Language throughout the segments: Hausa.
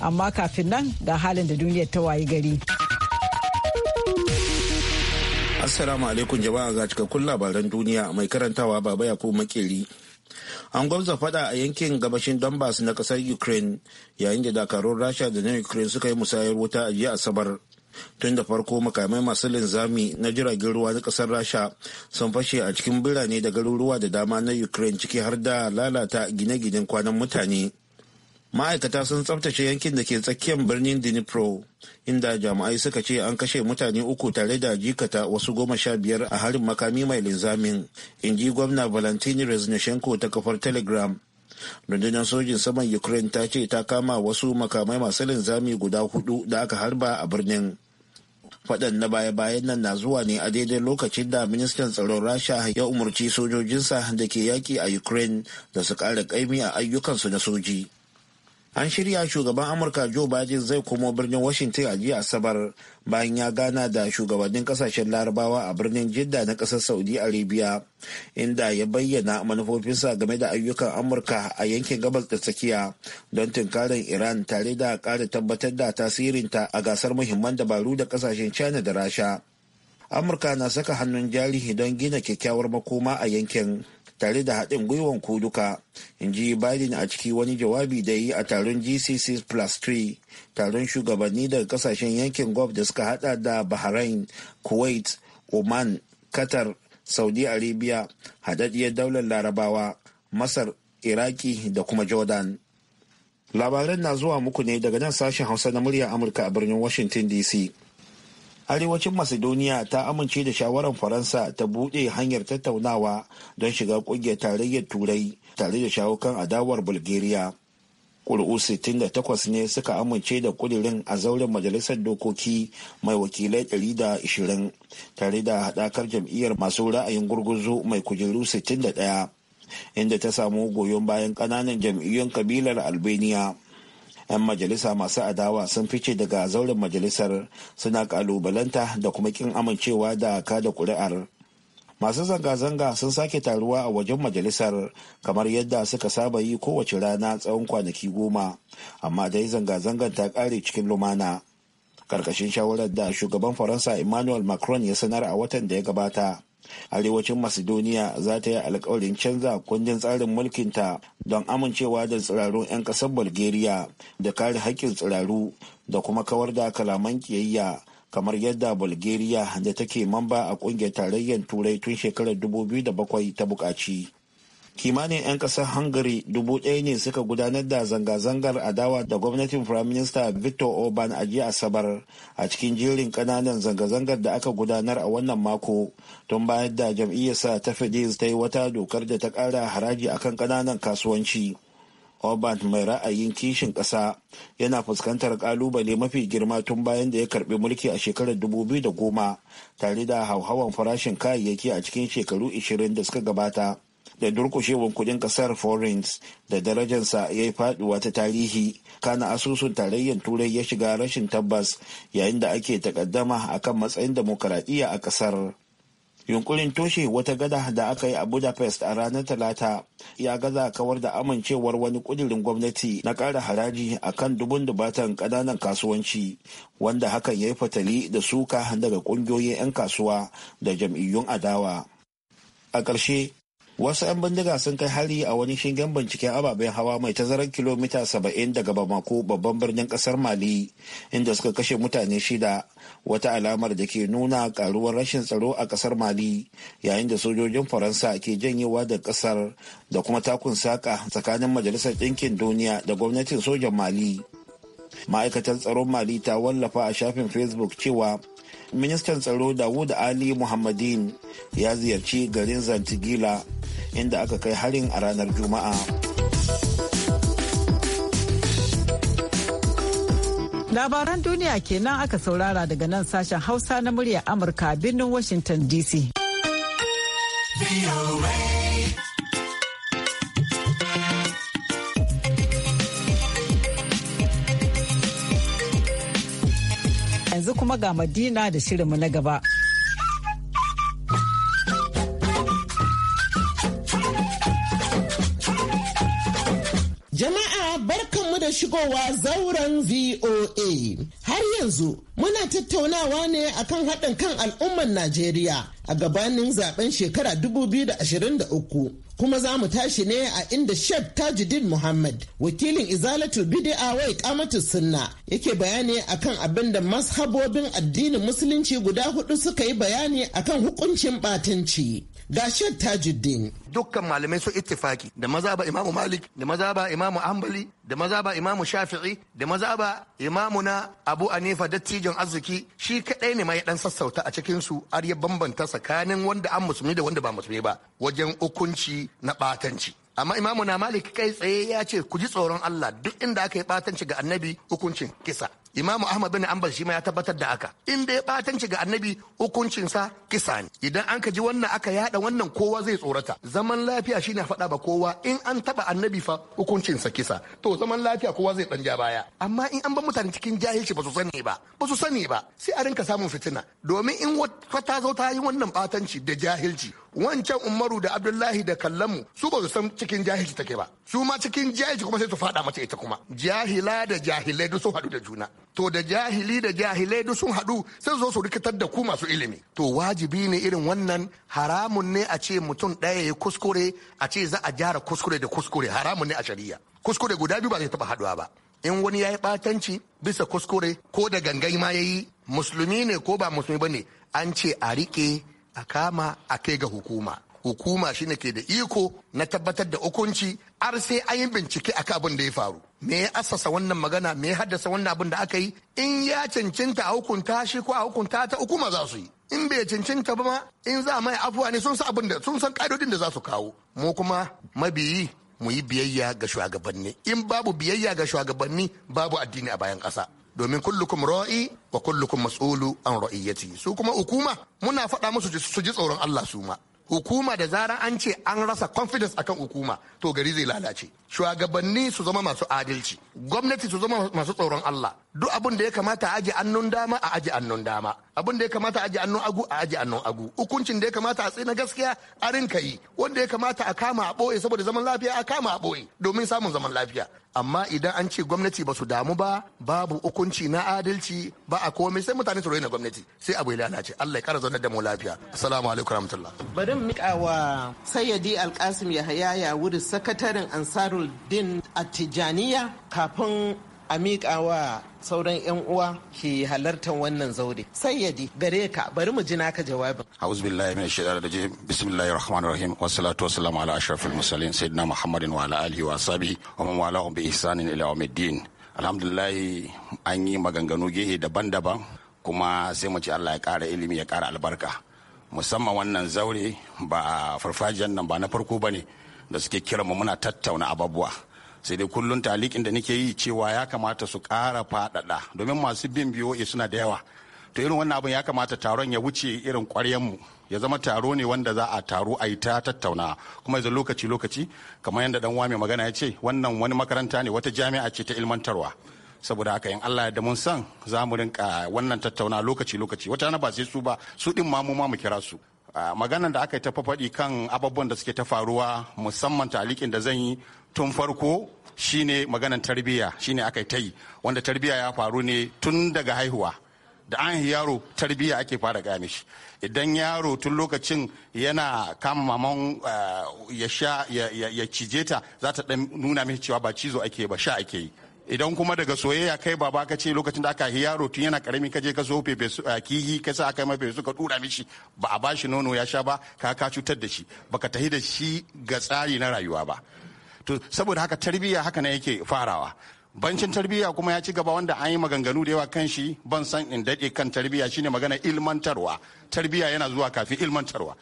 amma kafin nan ga halin da duniyar ta wayi gari. Assalamu alaikum jama'a ga cikakkun labaran duniya mai karantawa baba ya makeri. An gwamza fada a yankin gabashin Donbass na kasar Ukraine yayin da dakarun Rasha da na Ukraine suka yi musayar wuta a jiya Asabar. Tun da farko makamai masu linzami na jiragen ruwa na kasar Rasha sun fashe a cikin birane da garuruwa da dama na Ukraine ciki har da lalata gine-ginen kwanan mutane. ma'aikata sun tsabtace yankin da ke tsakiyar birnin dnipro inda jami'ai suka ce an kashe mutane uku tare da jikata wasu goma sha biyar a harin makami mai linzamin in ji gwamna valentini reznashenko ta kafar telegram rundunar sojin saman ukraine ta ce ta kama wasu makamai masu linzami guda hudu da aka harba a birnin faɗan na baya-bayan nan na zuwa ne a daidai lokacin da ministan tsaron rasha ya umarci sojojinsa da ke yaki a ukraine da su kara ƙaimi a ayyukansu na soji An shirya shugaban Amurka Joe Biden zai komo birnin Washington a jiya Asabar bayan ya gana da shugabannin kasashen larabawa a birnin Jidda na ƙasar Saudi Arabia, inda ya bayyana manufofinsa game da ayyukan Amurka a yankin gabas da tsakiya don tunkarin Iran tare da ƙara tabbatar da tasirinta a gasar muhimman dabaru da kasashen China da Rasha. Amurka na saka hannun jari don gina kyakkyawar makoma a yankin. tare da haɗin gwiwan ku duka in ji biden a ciki wani jawabi da yi a taron gcc plus 3 taron shugabanni daga kasashen yankin gulf da suka hada da bahrain kuwait oman qatar saudi arabia haɗaɗɗiyar daular larabawa masar iraki da kuma jordan labaran na zuwa muku ne daga nan sashen hausa na murya amurka a birnin washington dc arewacin macedonia ta amince da shawarar faransa ta buɗe hanyar tattaunawa don shiga ƙungiyar tarayyar turai tare da shawo adawar bulgaria ƙuri'u 68 ne suka amince da kudirin a zauren majalisar dokoki mai wakilai 120 tare da haɗakar jam'iyyar masu ra'ayin gurguzu mai kujeru 61 inda ta samu goyon bayan ƙananan jam'iyyun kabilar albania 'yan majalisa masu adawa sun fice daga zauren majalisar suna kalubalanta da kuma kin amincewa da kada kuri'ar masu zanga-zanga sun sake taruwa a wajen majalisar kamar yadda suka saba yi kowace rana tsawon kwanaki goma amma dai zanga zangan ta ƙare cikin lumana karkashin shawarar da shugaban faransa emmanuel macron ya sanar a watan da ya gabata arewacin macedonia za ta yi alkawarin canza kundin tsarin mulkinta don amincewa da tsirarun 'yan ƙasar bulgaria da kare haƙƙin tsiraru da kuma kawar da kalaman kiyayya kamar yadda bulgaria da take mamba a ƙungiyar tarayyar turai tun shekarar 2007 ta buƙaci kimanin 'yan kasar hungary dubu ɗaya ne suka gudanar da zanga-zangar adawa da gwamnatin prime minister victor orban a jiya asabar a cikin jerin kananan zanga-zangar da aka gudanar a wannan mako tun bayan da jam'iyyarsa ta fidesz ta yi wata dokar da ta ƙara haraji akan kananan kasuwanci orban mai ra'ayin kishin ƙasa yana fuskantar ƙalubale mafi girma tun bayan da ya karbi mulki a shekarar 2010 tare da hauhawan farashin kayayyaki a cikin shekaru 20 da suka gabata da durkushewar kudin kasar forint da darajarsa ya yi faduwa ta tarihi kana asusun tarayyar turai ya shiga rashin tabbas yayin da ake takaddama kan matsayin demokaradiyya a kasar yunkurin toshe wata gada da aka yi a budapest a ranar talata ya gaza kawar da amincewar wani kudirin gwamnati na kara haraji a kan dubun dubatan ƙananan kasuwanci wanda hakan ya yi fatali da suka daga ƙungiyoyin 'yan kasuwa da jam'iyyun adawa a ƙarshe wasu 'yan bindiga sun kai hari a wani shingen binciken ababen hawa mai tazarar kilomita 70 daga bamako babban birnin kasar mali inda suka kashe mutane shida wata alamar da ke nuna karuwar rashin tsaro a kasar mali yayin da sojojin faransa ke janyewa da kasar da kuma takun saka tsakanin majalisar ɗinkin duniya da gwamnatin sojan mali ma'aikatar tsaron mali ta wallafa a shafin facebook cewa ministan tsaro dawud ali muhammadin ya ziyarci garin zantigila inda aka kai harin a ranar juma'a labaran duniya kenan aka saurara daga nan sashen hausa na murya amurka birnin washington dc yanzu kuma ga madina da shirinmu na gaba Jama'a barkanmu da shigowa zauren VOA. Har yanzu muna tattaunawa ne akan haɗin kan al'ummar Najeriya a gabanin zaben shekara 2023. Kuma za mu tashi ne a inda Sheikh Tajuddin Muhammad, wakilin Izalatu Bidi'a wai kamatu sunna yake bayani akan abin da mashabobin addinin musulunci guda hudu suka yi bayani akan hukuncin batanci. ga tajuddin dukkan malamai su ittifaki da maza ba imamu malik da maza ba imamu ambali da maza ba imamu shafi'i da maza ba imamu na abu anifa dattijon arziki shi kadai ne ma ya dan sassauta a cikin su har ya bambanta tsakanin wanda an musulmi da wanda ba musulmi ba wajen ukunci na batanci amma imamu na malik kai tsaye ya ce ku ji tsoron Allah duk inda aka yi batanci ga annabi hukuncin kisa imamu ahmad bin ambal shi ma ya tabbatar da aka. in dai batanci ga annabi hukuncinsa kisa ne idan an ka ji wannan aka yada wannan kowa zai tsorata zaman lafiya shine faɗa ba kowa in an taba annabi fa hukuncinsa kisa to zaman lafiya kowa zai ja baya amma in an ba mutane cikin jahilci ba su sani ba ba su sani ba sai a rinka samun fitina domin in wata ta zo ta yi wannan batanci da jahilci wancan umaru da abdullahi da kallamu su ba su san cikin jahilci take ba su ma cikin jahilci kuma sai su faɗa mace ita kuma jahila da jahilai duk sun haɗu da juna to da jahili da jahilai duk sun haɗu sai zo su rikitar da ku masu ilimi to wajibi ne irin wannan haramun ne a ce mutum ɗaya ya kuskure a ce za a gyara kuskure da kuskure haramun ne a shari'a kuskure guda biyu ba zai taɓa haɗuwa ba in wani ya yi ɓatanci bisa kuskure ko da gangai ma ya yi musulmi ne ko ba musulmi ba ne an ce a riƙe a kama a kai ga hukuma hukuma shine ke da iko na tabbatar da hukunci har sai an yi bincike akan abin da ya faru me ya assasa wannan magana me ya haddasa wannan abin da aka yi in ya cancanta a hukunta shi ko a hukunta ta hukuma za su yi in bai cancanta ba ma in za mai afuwa ne sun san abin da sun san ka'idodin da za su kawo mu kuma mabiyi mu yi biyayya ga shugabanni in babu biyayya ga shugabanni babu addini a bayan kasa domin kullukum ra'i wa kullukum mas'ulu an ra'iyyati su kuma hukuma muna faɗa musu su ji tsoron Allah su ma hukuma da zarar an ce an rasa confidence akan hukuma to gari zai lalace shugabanni su zama masu adalci gwamnati su zama masu tsoron Allah duk abin da ya kamata a aje annun dama a aje annun dama abin da ya kamata a aji annon agu a aji annon agu hukuncin da ya kamata a tsina gaskiya a rinka yi wanda ya kamata a kama a ɓoye saboda zaman lafiya a kama a ɓoye domin samun zaman lafiya amma idan an ce gwamnati ba su damu ba babu hukunci na adalci ba a komai sai mutane su raina gwamnati sai abu ya lalace Allah ya kara zaunar da mu lafiya assalamu alaikum rahmatullah bari mika wa sayyadi alkasim yahaya ya wuri sakataren ansarul din attijaniya kafin a miƙa sauran 'yan uwa ke halartar wannan zaure sayyadi gare ka bari mu ji naka jawabin a'udhu billahi minash shaitanir rajim bismillahi rahmanir rahim wassalatu wassalamu ala ashrafil mursalin sayyidina muhammadin wa ala alihi wa sabi wa man walahum bi ihsanin ila yawmiddin alhamdulillah an yi maganganu gehe daban-daban kuma sai mu ci Allah ya ƙara ilimi ya ƙara albarka musamman wannan zaure ba a farfajiyar nan ba na farko bane da suke kiran mu muna tattauna ababuwa sai dai kullum talikin da nake yi cewa ya kamata su kara faɗaɗa domin masu bin BOA suna da yawa to irin wannan abin ya kamata taron ya wuce irin mu ya zama taro ne wanda za a taro a yi ta tattauna kuma yanzu lokaci lokaci kamar yadda dan wame magana ya ce wannan wani makaranta ne wata jami'a ce ta ilmantarwa saboda haka in Allah da mun san za mu rinka wannan tattauna lokaci lokaci wata na ba sai su ba su din ma mu ma mu kira su maganan da aka yi ta fafaɗi kan abubuwan da suke ta faruwa musamman talikin da zan yi tun farko shine maganan tarbiyya shine aka yi ta yi wanda tarbiyya ya faru ne tun daga haihuwa da an yaro tarbiyya ake fara gane shi idan yaro tun lokacin yana kama maman eh, ya sha cije ta za ta nuna mishi cewa ba cizo ake ba sha ake yi idan kuma daga soyayya kai baba ka ce lokacin da aka yaro tun yana karami ka je ka zo fefe kihi ka sa aka yi mafe ka dura mishi ba a bashi nono ya sha ba ka ka cutar da shi baka tahi da shi ga tsari na rayuwa ba to saboda haka tarbiyya haka na yake farawa bancin tarbiyya kuma ya ci gaba wanda an yi maganganu da yawa kan shi ban san in daɗe kan tarbiyya shine magana ilmantarwa tarbiyya yana zuwa kafin ilmantarwa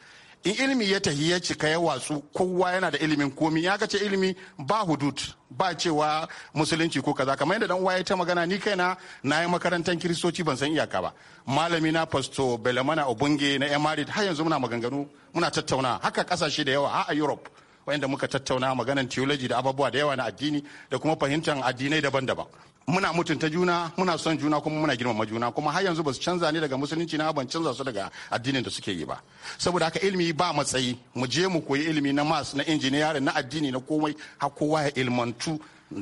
in ilimi ya tahi ya cika ya watsu kowa yana da ilimin komi ya ce ilimi ba hudud ba cewa musulunci ko kaza kamar yadda dan uwa ya ta magana ni kaina na yi makarantar kiristoci ban san iyaka ba malami na pasto belamana obunge na emirate har yanzu muna maganganu muna tattauna haka kasashe da yawa a europe wanda muka tattauna maganan theology da abubuwa da yawa na addini da kuma fahimtar addinai daban-daban muna mutunta juna muna son juna kuma muna girmama juna kuma har yanzu basu canza ne daga musulunci na ban canza su daga addinin da suke yi ba saboda haka ilimi ba matsayi mu je mu koyi ilimi na mas na injiniyar na addini na komai har kowa ya ilmantu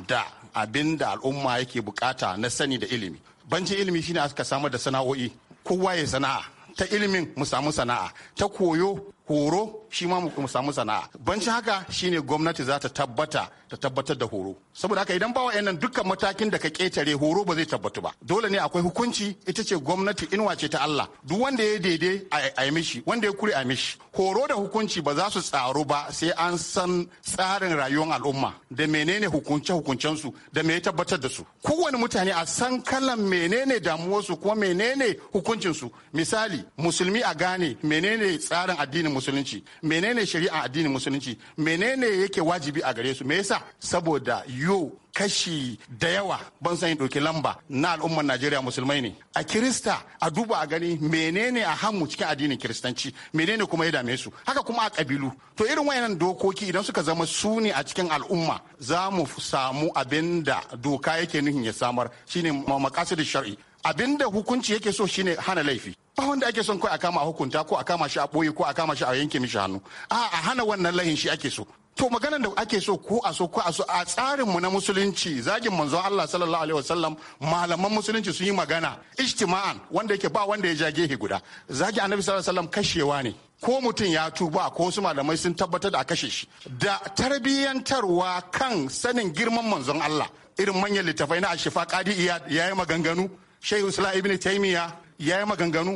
da abin da al'umma yake bukata na sani da ilimi banci ilimi shine aka samar da sana'o'i kowa ya sana'a ta ilimin mu samu sana'a ta koyo horo shi ma mu samu sana'a bancin haka shine gwamnati za ta tabbata ta tabbatar da horo saboda haka idan ba wa'annan dukkan matakin da ka ketare horo ba zai tabbatu ba dole ne akwai hukunci ita ce gwamnati inuwa ce ta Allah duk wanda ya daidai a yi mishi wanda ya kure a mishi horo da hukunci ba za su tsaro ba sai an san tsarin rayuwar al'umma da menene hukunce hukuncen su da me ya tabbatar da su kowane mutane a san kalan menene damuwarsu kuma menene hukuncin su misali musulmi a gane menene tsarin addinin addinin musulunci menene shari'a addinin musulunci menene yake wajibi a gare su me yasa saboda yo kashi da yawa ban san ɗauki lamba na al'ummar najeriya musulmai ne a kirista a duba a gani menene a hannu cikin addinin kiristanci menene kuma ya dame su haka kuma a kabilu to irin wayannan dokoki idan suka zama su a cikin al'umma za mu samu abin da doka yake nuhin ya samar shine makasidin shar'i Abin da hukunci yake so shine hana laifi ba wanda ake son kai a kama hukunta ko a kama shi a boye ko a kama shi a yanke mishi hannu a a hana wannan lahin shi ake so to maganar da ake so ko a so ko a so a tsarin mu na musulunci zagin manzo Allah sallallahu alaihi wasallam malaman musulunci sun yi magana ijtima'an wanda yake ba wanda ya jage gehe guda zagi annabi sallallahu alaihi wasallam kashewa ne ko mutum ya tuba ko wasu malamai sun tabbatar da a kashe shi da tarbiyyantarwa kan sanin girman manzon Allah irin manyan littafai na ashifa kadi ya yi maganganu shehu islam ibn taimiya ya yi maganganu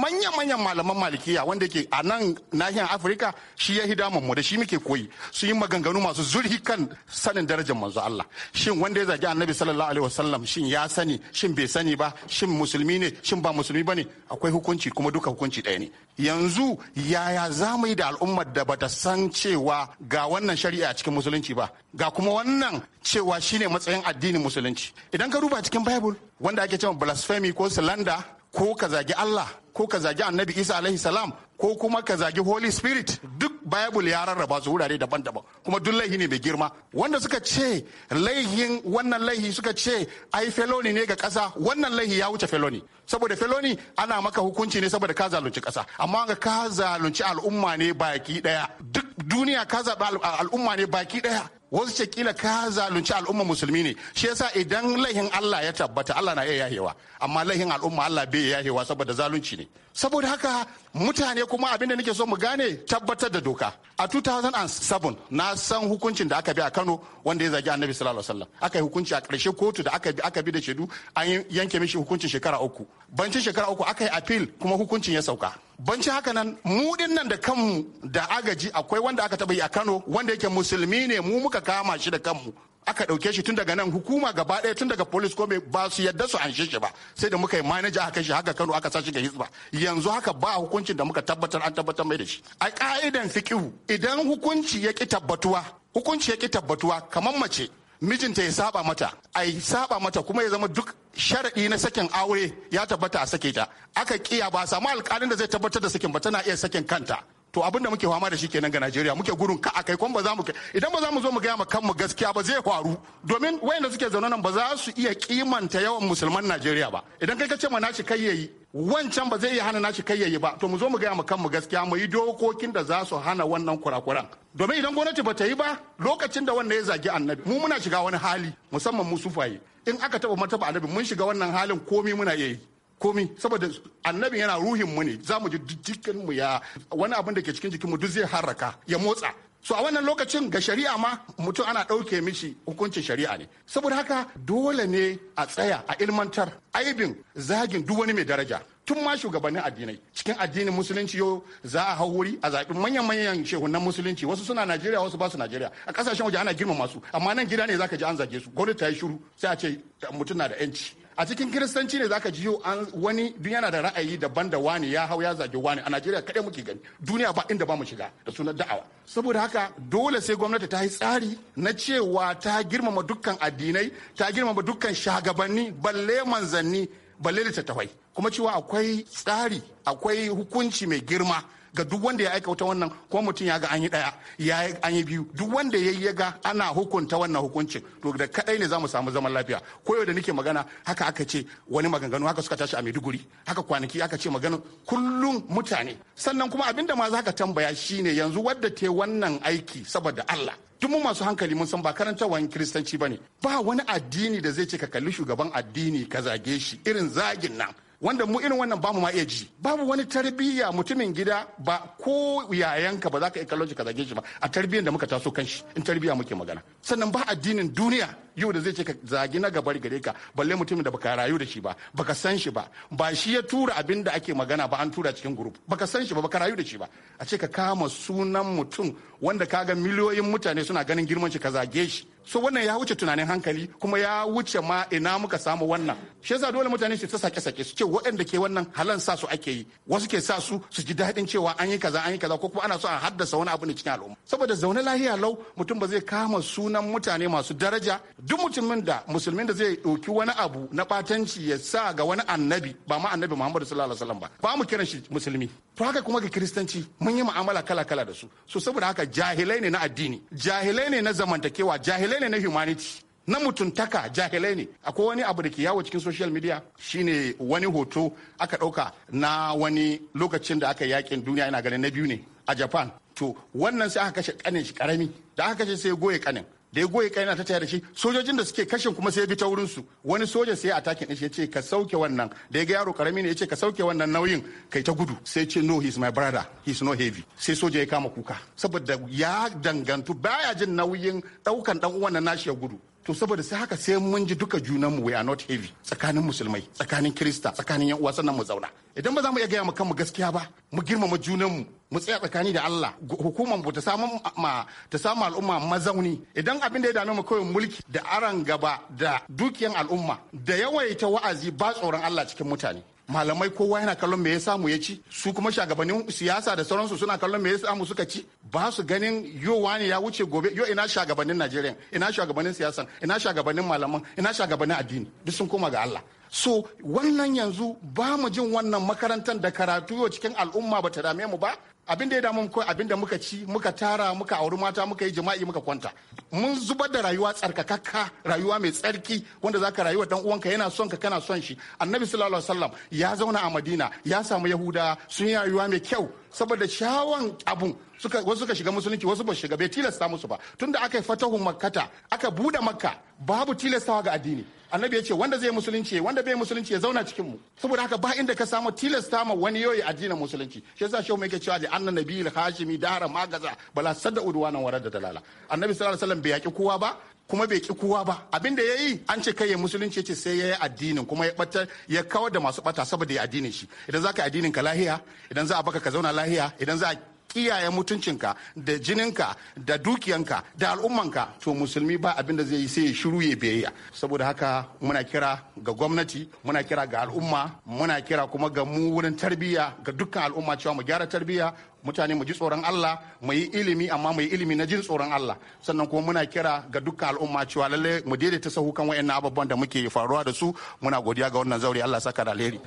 manya-manyan malaman malikiya wanda ke a nan nahiyar afirka shi ya hida mu da shi muke koyi su yi maganganu masu zurhi kan sanin darajar manzo Allah shin wanda ya zagi annabi sallallahu alaihi wasallam shin ya sani shin bai sani ba shin musulmi ne shin ba musulmi ba ne akwai hukunci kuma duka hukunci ɗaya ne yanzu yaya za mu yi da al'ummar da bata san cewa ga wannan shari'a cikin musulunci ba ga kuma wannan cewa shine matsayin addinin musulunci idan ka duba cikin bible wanda ake cewa blasphemy ko slander ko ka zagi Allah ko ka zagi Annabi Isa alaihi salam ko kuma ka zagi Holy Spirit duk Bible ya rarraba su wurare daban-daban kuma duk laihi ne mai girma wanda suka ce laihin wannan laihi suka ce ai feloni ne ga kasa wannan laihi ya wuce feloni saboda feloni ana maka hukunci ne saboda ka zalunci kasa amma ga ka zalunci al'umma ne baki daya duk duniya ka zabi al'umma ne baki daya wasu ce kila ka zalunci al'umma musulmi ne shi yasa idan laihin Allah ya tabbata Allah na iya yahewa amma laihin al'umma Allah bai yahewa saboda zalunci ne saboda haka mutane kuma abin da nake so mu gane tabbatar da doka a 2007 na san hukuncin da aka bi a Kano wanda ya zagi Annabi sallallahu alaihi wasallam aka yi hukunci a ƙarshe kotu da aka bi aka bi da shaidu an yanke mishi hukuncin shekara uku bancin shekara uku aka yi appeal kuma hukuncin ya sauka banci haka nan mu din nan da kanmu da agaji akwai wanda aka taba yi a Kano wanda yake musulmi ne mu muka kama shi da kanmu aka ɗauke shi tun daga nan hukuma gaba ɗaya tun daga police ko ba su yadda su anshe shi ba sai da muka yi manaja aka shi haka Kano aka sa ga hizba yanzu haka ba hukuncin da muka tabbatar an tabbatar mai da shi a ka'idan fikihu idan hukunci ya ki tabbatuwa hukunci ya ki tabbatuwa kamar mace mijinta ya saba mata a saba mata kuma ya zama duk sharaɗi na sakin aure ya tabbata a sake ta aka kiya ba samu alƙalin da zai tabbatar da sakin ba tana iya sakin kanta to abin da muke fama da shi kenan ga Najeriya muke gurin ka akai kuma ba za mu idan ba za mu zo mu gaya ma mu gaskiya ba zai faru domin wayanda suke zaune nan ba za su iya kimanta yawan musulman Najeriya ba idan kai ka ce ma shi kai yayi wancan ba zai iya hana nashi kai yayi ba to mu zo mu gaya mu kanmu gaskiya mu yi dokokin da za su hana wannan kurakuran domin idan gwamnati ba ta yi ba lokacin da wannan ya zagi annabi mu muna shiga wani hali musamman mu sufaye in aka taba ba annabi mun shiga wannan halin komi muna iya yi komi saboda annabi yana ruhin mu ne za mu ji jikin mu ya wani abin da ke cikin jikin mu duk zai harraka ya motsa so a wannan lokacin ga shari'a ma mutum ana ɗauke mishi hukuncin shari'a ne saboda haka dole ne a tsaya a ilmantar aibin zagin duk wani mai daraja tun ma shugabannin addinai cikin addinin musulunci yau za a hau wuri a zaɓi manyan manyan shehunan musulunci wasu suna najeriya wasu ba su najeriya a kasashen waje ana girmama su amma nan gida ne zaka ji an zage su gwamnati ta yi shiru sai a ce mutum na da yanci a cikin kiristanci ne zaka jiyo an wani duk yana da ra'ayi daban da wani ya hau ya zage wani a Najeriya kaɗai muke gani duniya ba inda ba mu shiga da sunan da'awa saboda haka dole sai gwamnati ta yi tsari na cewa ta girmama dukkan addinai ta girmama dukkan shagabanni balle manzanni balle littattafai kuma cewa akwai tsari akwai hukunci mai girma ga duk wanda ya aikata wannan ko mutum ya ga an yi daya ya an yi biyu duk wanda ya ya ga ana hukunta wannan hukuncin to da kadai ne mu samu zaman lafiya koyo da nake magana haka aka ce wani maganganu haka suka tashi a Maiduguri haka kwanaki aka ce maganganu kullum mutane sannan kuma abinda ma zaka tambaya shine yanzu wadda te wannan aiki saboda Allah duk mu masu hankali mun san ba karantarwan kiristanci ba ne ba wani addini da zai ce ka kalli shugaban addini ka zage shi irin zagin nan wanda mu irin wannan bamu ma iya ji babu wani tarbiyya mutumin gida ba ko yayanka ba za ka iya ka zage shi ba a tarbiyyar da muka taso kan shi in tarbiyya muke magana sannan ba addinin duniya yau da zai ce ka zagi na gabar gare ka balle mutum da baka rayu da shi ba baka san shi ba ba shi ya tura abin da ake magana ba an tura cikin group baka san shi ba baka rayu da shi ba a ce ka kama sunan mutum wanda kaga miliyoyin mutane suna ganin girman shi ka zage shi so wannan ya wuce tunanin hankali kuma ya wuce ma ina muka samu wannan shi yasa dole mutane su ta sake sake su ce waɗanda ke wannan halan sa su ake yi wasu ke sa su su ji daɗin cewa an yi kaza an yi kaza ko kuma ana so a haddasa wani abu ne cikin al'umma saboda zaune lahiya lau mutum ba zai kama sunan mutane masu daraja duk mutumin da musulmin da zai ɗauki wani abu na batanci ya sa ga wani annabi ba ma annabi Muhammadu sallallahu alaihi wasallam ba ba mu kiran shi musulmi to haka kuma ga kiristanci mun yi mu'amala kala kala da su so saboda haka jahilai ne na addini jahilai ne na zamantakewa jahilai ne na humanity na mutuntaka jahilai ne akwai wani abu da ke yawo cikin social media shine wani hoto aka ɗauka na wani lokacin da aka yakin duniya yana ganin na biyu ne a japan to wannan sai aka kashe kanin shi karami da aka kashe sai goye kanin da ya goye kaina ta tare da shi sojojin da suke kashin kuma sai ya bi ta wurin su wani soja sai a takin din shi yace ka sauke wannan da ya ga yaro karami ne yace ka sauke wannan nauyin kai ta gudu sai ce no he is my brother he is no heavy sai soja ya kama kuka saboda ya dangantu baya jin nauyin daukan dan uwan nashi ya gudu to saboda sai haka sai mun ji duka junanmu we are not heavy tsakanin musulmai tsakanin kirista tsakanin yan uwa sannan mu zauna idan ba za mu iya gaya mu kanmu gaskiya ba mu girmama junanmu mu tsaya tsakani da Allah hukumar mu ta samu ma ta samu al'umma mazauni idan abin da ya dame mu kawai mulki da aran gaba da dukiyan al'umma da yawaita wa'azi ba tsoron Allah cikin mutane malamai kowa yana kallon me ya samu ya ci su kuma shagabannin siyasa da sauransu suna kallon me ya samu suka ci ba su ganin yowa ne ya wuce gobe yo ina shagabannin najeriya ina shagabannin siyasan ina shagabannin malaman ina shagabannin addini duk sun koma ga allah so wannan yanzu ba mu jin wannan makarantar da karatu yau cikin al'umma ba ta dame mu ba abin da ya damu mu abin da muka ci muka tara muka auri mata muka yi jima'i muka kwanta mun zubar da rayuwa tsarkakakka rayuwa mai tsarki wanda zaka rayuwa dan uwanka yana son ka kana son shi annabi sallallahu alaihi wasallam ya zauna a madina ya samu yahuda sun yi rayuwa mai kyau saboda shawon abun suka wasu suka shiga musulunci wasu ba shiga bai tilasta musu ba tunda aka yi fatahun makkata aka bude makka babu tilastawa ga addini annabi ya ce wanda zai musulunci wanda bai musulunci ya zauna cikin mu saboda haka ba inda ka samu tilasta ma wani yoyi addinin musulunci shi yasa shehu mai ke cewa da annabi al-hashimi dara magaza bala sadda udwana warar da dalala annabi sallallahu alaihi wasallam bai yaƙi kowa ba kuma bai ki kowa ba abin da ya yi an ce kai ya musulunci ce sai ya yi addinin kuma ya bata ya kawar da masu bata saboda ya addinin shi idan za ka addinin ka lahiya idan za a baka ka zauna lahiya idan za a kiyaye mutuncinka da jininka da dukiyanka da al'ummanka to musulmi ba abin da zai yi sai ya shiru ya biyayya saboda haka muna kira ga gwamnati muna kira ga al'umma muna kira kuma ga mu wurin tarbiyya ga dukkan al'umma cewa mu gyara tarbiyya mutane mu ji tsoron Allah mu yi ilimi amma mu yi ilimi na jin tsoron Allah sannan kuma muna kira ga dukkan al'umma cewa lalle mu daidaita sahu kan wayannan da muke faruwa da su muna godiya ga wannan zauri Allah saka da alheri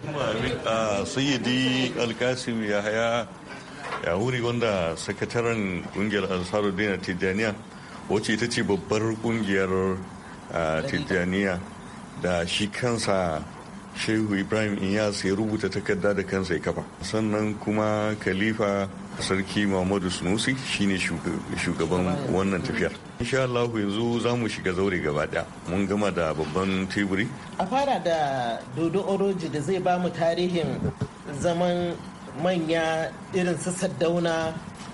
eh, sayyidi alkasim yahaya ya wuri wanda sakataren kungiyar dina tijjaniya wacce ita ce babbar kungiyar tijjaniya da shi kansa shehu ibrahim inyas ya rubuta takarda da kansa ya kafa sannan kuma khalifa sarki muhammadu sunusi shine shugaban wannan tafiyar insha Allah yanzu za mu shiga zaure gaba daya mun gama da babban teburi a fara da dodo oroji da zai ba mu tarihin zaman manya irin su sadauna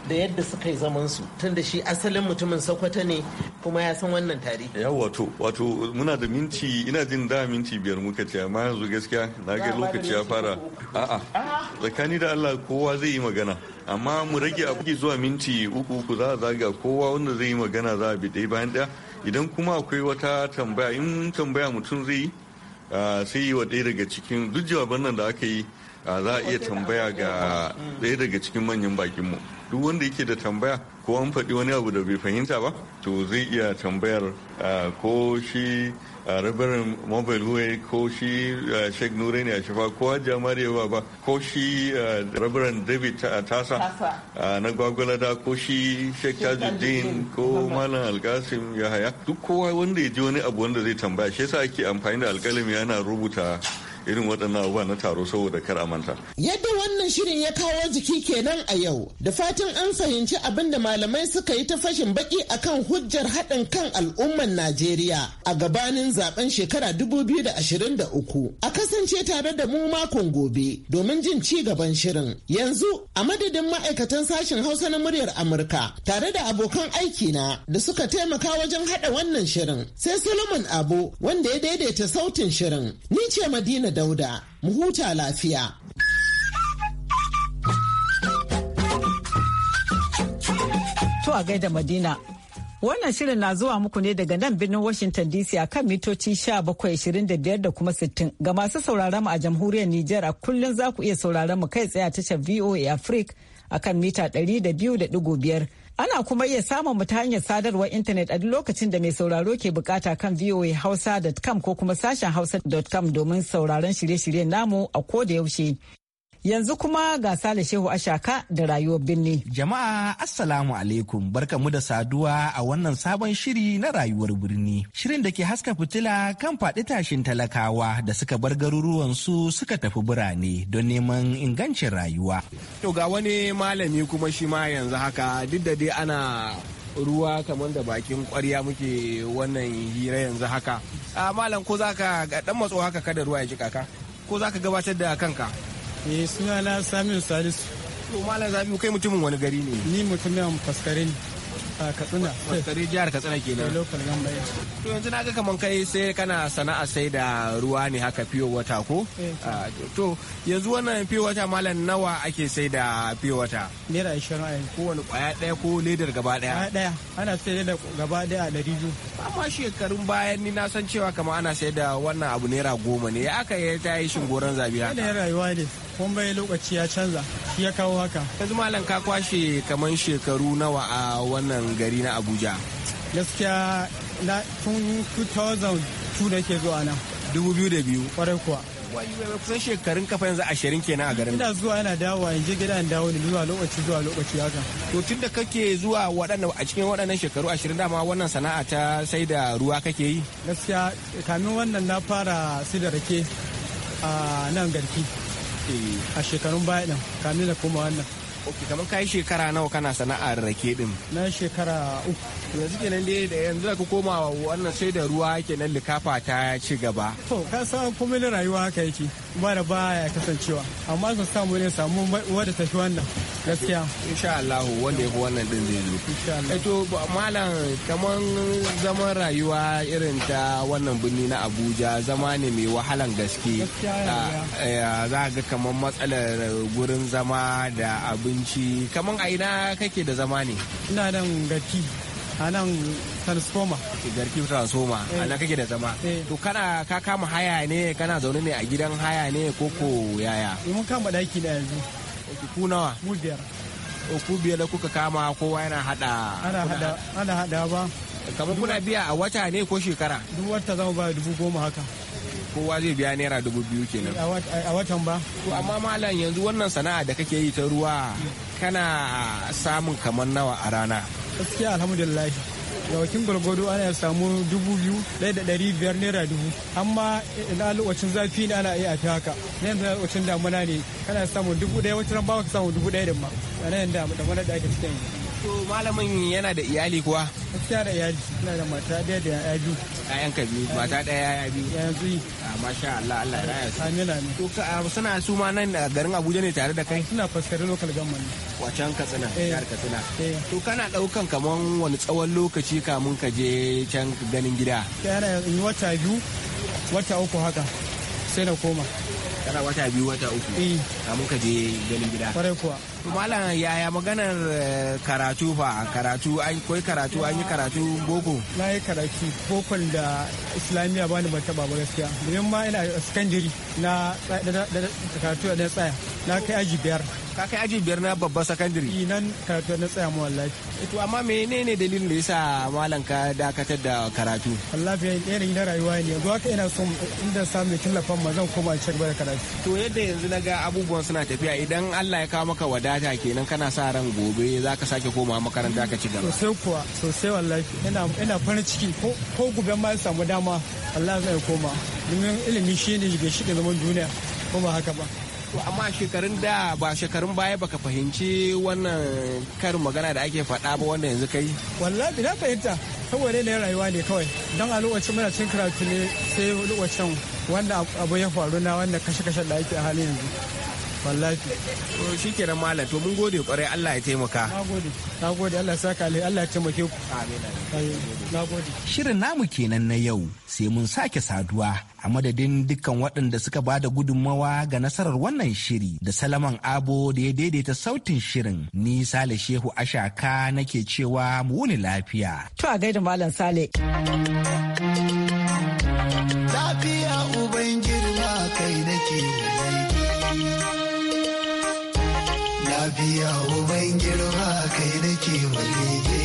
da yadda suka yi zaman su da shi asalin mutumin sokoto ne kuma ya san wannan tarihi ya wato wato muna da minti ina jin da minti biyar muka ce amma yanzu gaskiya na ga lokaci ya fara a'a tsakani da Allah kowa zai yi magana amma mu rage abu zuwa minti uku uku za a zaga kowa wanda zai yi magana za a bi ɗaya bayan ɗaya idan kuma akwai wata tambaya in tambaya mutum zai yi ah, sai yi wa ɗaya daga cikin duk jawaban nan da aka yi za a iya tambaya ga ɗaya daga cikin manyan bakinmu duk wanda yake da tambaya ko an faɗi wani abu da bai fahimta ba to zai iya tambayar ko shi rabarin mobile way ko shi sheik nure ne a shafa ko hajja mariya ba ko shi rabarin david tasa na gwagwalada ko shi sheik tajuddin ko malam alkasim yahaya duk kowa wanda ya ji wani abu wanda zai tambaya shi yasa ake amfani da alkalami yana rubuta irin waɗannan abubuwa na taro saboda kar a manta. Yadda wannan shirin ya kawo jiki kenan a yau da fatan an fahimci abin da malamai suka yi ta fashin baki akan hujjar haɗin kan al'ummar Najeriya a gabanin zaben shekara dubu biyu da da ashirin uku. A kasance tare da mu makon gobe domin jin ci gaban shirin. Yanzu a madadin ma'aikatan sashen Hausa na muryar Amurka tare da abokan aiki na da suka taimaka wajen haɗa wannan shirin. Sai Solomon Abu wanda ya daidaita sautin shirin. Ni ce Madina Dauda. Mu huta lafiya. To a gaida Madina. Wannan shirin na zuwa muku ne daga nan birnin Washington DC a kan mitoci 1725 da kuma 60 ga masu sauraron mu a jamhuriyar Nijar a kullum za ku iya sauraron mu kai tsaye a tashar VOA Africa a kan mita 200.5. Ana kuma iya samun mu ta hanyar sadarwar intanet a duk lokacin da mai sauraro ke bukata kan voahausa.com ko kuma sashen hausa.com domin sauraron shirye-shiryen namu a ko da yaushe. Yanzu kuma ga Sale Shehu Ashaka da rayuwar birni. Jama'a Assalamu alaikum barkamu da saduwa a wannan sabon shiri na rayuwar birni. Shirin da ke haska fitila kan faɗi tashin talakawa da suka bar garuruwan su suka tafi birane don neman ingancin rayuwa. To ga wani malami kuma shi ma yanzu haka duk da dai ana ruwa kamar da bakin kwarya muke wannan hira yanzu haka. Ah, malam ko za ka dan matso haka kada ruwa ya ji kaka ko za ka gabatar da kanka. Ni eh, suna na Saminu Salisu. To Malam zabi kai mutumin wani gari ne? Ni mutumin faskare ne. a Katsina. Faskare jihar Katsina kenan. Eh, local Gambaya. To yanzu na ga kaman kai sai kana sana'a sai da ruwa ne haka fiyo wata ko? Eh, ah, to yanzu wannan fiyo wata malam nawa ake sai da fiyo wata? Naira ashirin a yanzu. Kowane kwaya ɗaya ko ledar gaba ɗaya? Kwaya ɗaya. Ana sai ledar gaba ɗaya a ɗari biyu. Amma shekarun bayan ni na san cewa kama ana sai da wannan abu naira goma ne. Ya aka yi ta yi shingoron zabi haka. Yanayin rayuwa ne. komai lokaci ya canza shi ya kawo haka yanzu malam ka kwashe kamar shekaru nawa a wannan gari na abuja gaskiya na tun 2002 da ke zuwa nan 2002 kwarai kuwa kusan shekarun kafa yanzu ashirin kenan a garin ina zuwa yana dawowa in je gida in dawo ne zuwa lokaci zuwa lokaci haka to tun da kake zuwa waɗanda a cikin waɗannan shekaru ashirin dama wannan sana'a ta sai da ruwa kake yi gaskiya kamin wannan na fara sai da rake a nan garki Eh, a shekarun baya din kamin na koma wannan ok kamar kai shekara nawa kana sana'ar rake din na shekara uku yanzu kenan dai da yanzu da ka koma wannan sai da ruwa kenan likafa ta ci gaba to ka san komai na rayuwa haka yake mara baya kasancewa amma su samu ne samu wadda tafi wannan gaskiya insha Allah wanda ya wannan din zai zo insha eh, to malam kaman zaman rayuwa irin ta wannan birni na Abuja zama ne mai wahalan gaske ah, eh, za ga kaman matsalar gurin zama da abinci kaman a ina kake da zama ne ina nan gaki a nan transformer garki transformer a nan kake da zama eh. to kana ka kama haya ne kana zaune ne a gidan haya ne ko ko yaya eh, mun kama daki da yanzu ku nawa mu biyar ku biyar da kuka kama kowa yana hada ana hada ba kamar kuna biya a wata ne ko shekara duk wata zama ba dubu goma haka kowa zai biya naira dubu biyu kenan a watan ba to amma malam yanzu wannan sana'a da kake yi ta ruwa kana samun kamar nawa a rana gaskiya alhamdulillah yawakin gwargwado ana samu dubu biyu ɗaya da ɗari biyar naira dubu amma na lokacin zafi ne ana iya fi haka na yanzu lokacin damuna ne kana samun dubu ɗaya wacce ran ba ka samun dubu ɗaya da ma a nan da damuna da ake cikin yanzu To malamin yana da iyali kuwa? Gaskiya da iyali, ina da mata ɗaya da ya biyu. ayan ka biyu, mata ɗaya ya biyu. Ya biyu. A ah, masha Allah, Allah ya raya su. Amin ne To ka ah, suna su ma nan a garin Abuja ne tare da kai? Suna faskari local government. Wacan Katsina, ka eh. Katsina. Eh. To kana ɗaukan kaman wani tsawon lokaci kamun ka je can ganin gida? Yana in wata biyu, wata uku haka. Sai na koma. Kana wata biyu, wata uku. Eh. Kamun ka je ganin gida. Kwarai kuwa. malam yaya maganar eh, karatu fa karatu an koi karatu an yi karatu boko na yi karatu boko da islamiyya bani ban taba ba gaskiya domin ma ina secondary na karatu da tsaya na kai aji biyar ka kai aji biyar na babba secondary nan karatu na tsaya mu wallahi eh, to amma menene dalilin da yasa malam ka dakatar da karatu wallahi yanayi na rayuwa ne yanzu haka ina son inda samu tallafin ma zan koma cikin karatu to yadda yanzu na ga abubuwan suna tafiya idan Allah ya kawo maka wada wadata kenan kana sa ran gobe za ka sake koma makaranta ka ci gaba sosai kuwa sosai wallahi ina farin ciki ko gobe ma ya samu dama Allah zai koma domin ilimi ne shiga shi zaman duniya ko ba haka ba To amma shekarun da ba shekarun baya baka fahimci wannan karin magana da ake faɗa ba wanda yanzu kai? Wallahi na fahimta saboda ne rayuwa ne kawai don a lokacin muna cin karatu ne sai lokacin wanda abu ya faru na wanda kashe-kashe da ake hali yanzu. wallahi to shikenan malam to mun gode kwarai Allah ya taimaka na gode Allah ya saka alai Allah ya taimake ku amin shirin namu kenan na yau sai mun sake saduwa a madadin dukkan waɗanda suka ba da gudunmawa ga nasarar wannan shiri da salaman abo da ya daidaita sautin shirin ni sale shehu ashaka nake cewa mu wuni lafiya to a gaida malam sale lafiya ubangiji lafiya uban girma kai nake mulki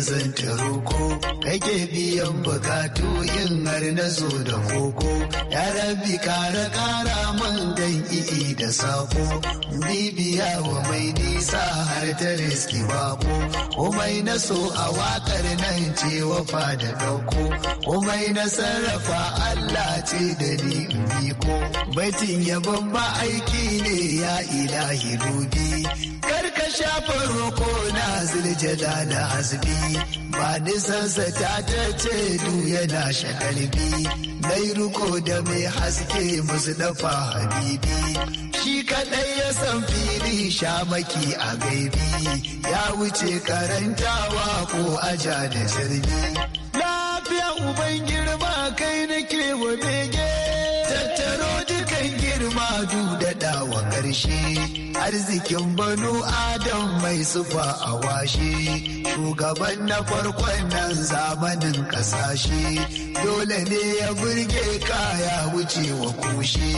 zanta roko kake biyan bukatu yin har na zo da koko ya rabi kara kara man dan i'i da sako bibiya wa mai nisa har ta riski bako komai na so a wakar nan ce wafa da dauko komai na sarrafa Allah ce da ni biko baitin yabon ba aiki ne ya ilahi dubi shafin roko na ziljada da hasbi ba nisansa ta ce du yana shakalbi mai ruko da mai haske musu dafa habibi shi kadai ya san fili shamaki a gaibi ya wuce karantawa ko aja da zirbi lafiya uban girma kai nake wa bege ma daɗawa wa ƙarshe arzikin banu adam mai sufa a washe shugaban na farkon nan zamanin ƙasashe dole ne ya burge kaya wuce wa kushe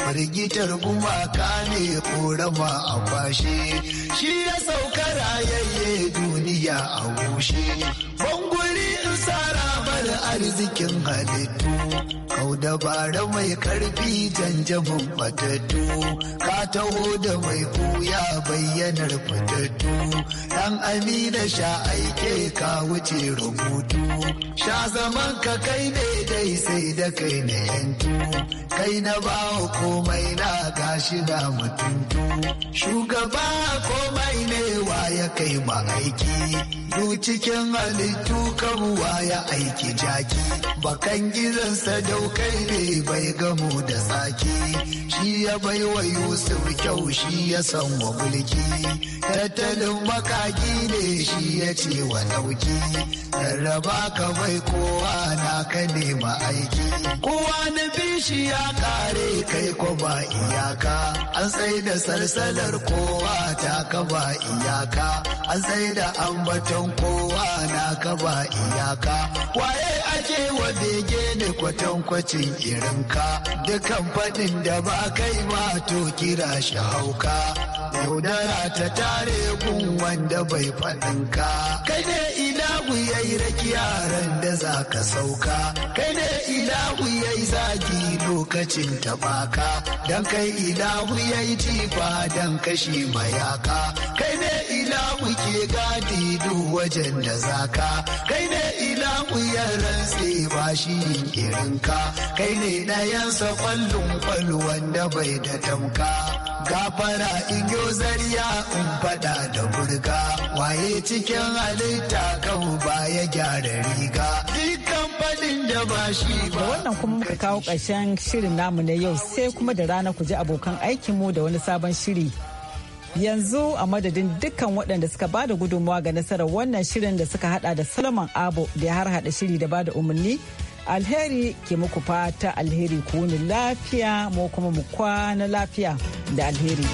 firgitar gumaka ne korama a kwashe shi ya sauka rayayye duniya a gushe banguri in sara arzikin halittu dabara mai karfi janjamin fatattu ka taho da mai kuya bayyanar fatattu dan amina sha aike ka wuce rubutu sha zaman ka kai dai sai da kai na yantu kai na bawa komai na gashi na mutuntu shugaba komai ya kai ma aiki duk cikin halittu kabuwa ya aiki jaki bakan gizansa daukai ne bai gamo da saki shi ya bai wa yusuf kyau shi ya san wa mulki tattalin makaki ne shi ya ce wa nauki rarraba ka bai kowa na ka nema aiki kowa na bishi ya kare kai ko ba iyaka an sai da salsalar kowa ta ka ba iyaka an sai da ambaton kowa na ka ba iyaka waye ake wa bege da kwatankwacin irinka dukan faɗin da ba kai ma to kira shi hauka yaudara ta tare gun wanda bai faɗinka kai ilahu ya yi raki yaran da za ka sauka kai ne ilahu ya yi zagi lokacin tabaka don kai ilahu ya yi tifa dan kashi mayaka kai ne ilahu ke gadi duk wajen da zaka kai ne ilahu ya rantse ba shi irinka kai ne ɗayansa kwallon kwal wanda bai da tamka gafara igyo zariya in fada da burga waye cikin halitta kan baya gyara riga dukkan fadin da ba shi ba wannan kuma muka kawo ƙarshen shirin namu na yau sai kuma da rana ku ji abokan aikinmu da wani sabon shiri yanzu a madadin dukkan waɗanda suka ba da gudunmawa ga nasarar wannan shirin da suka hada da solomon abu da ya har hada shiri da ba da umarni alheri ke muku fata alheri kuni lafiya mu kuma mu kwana lafiya da alheri.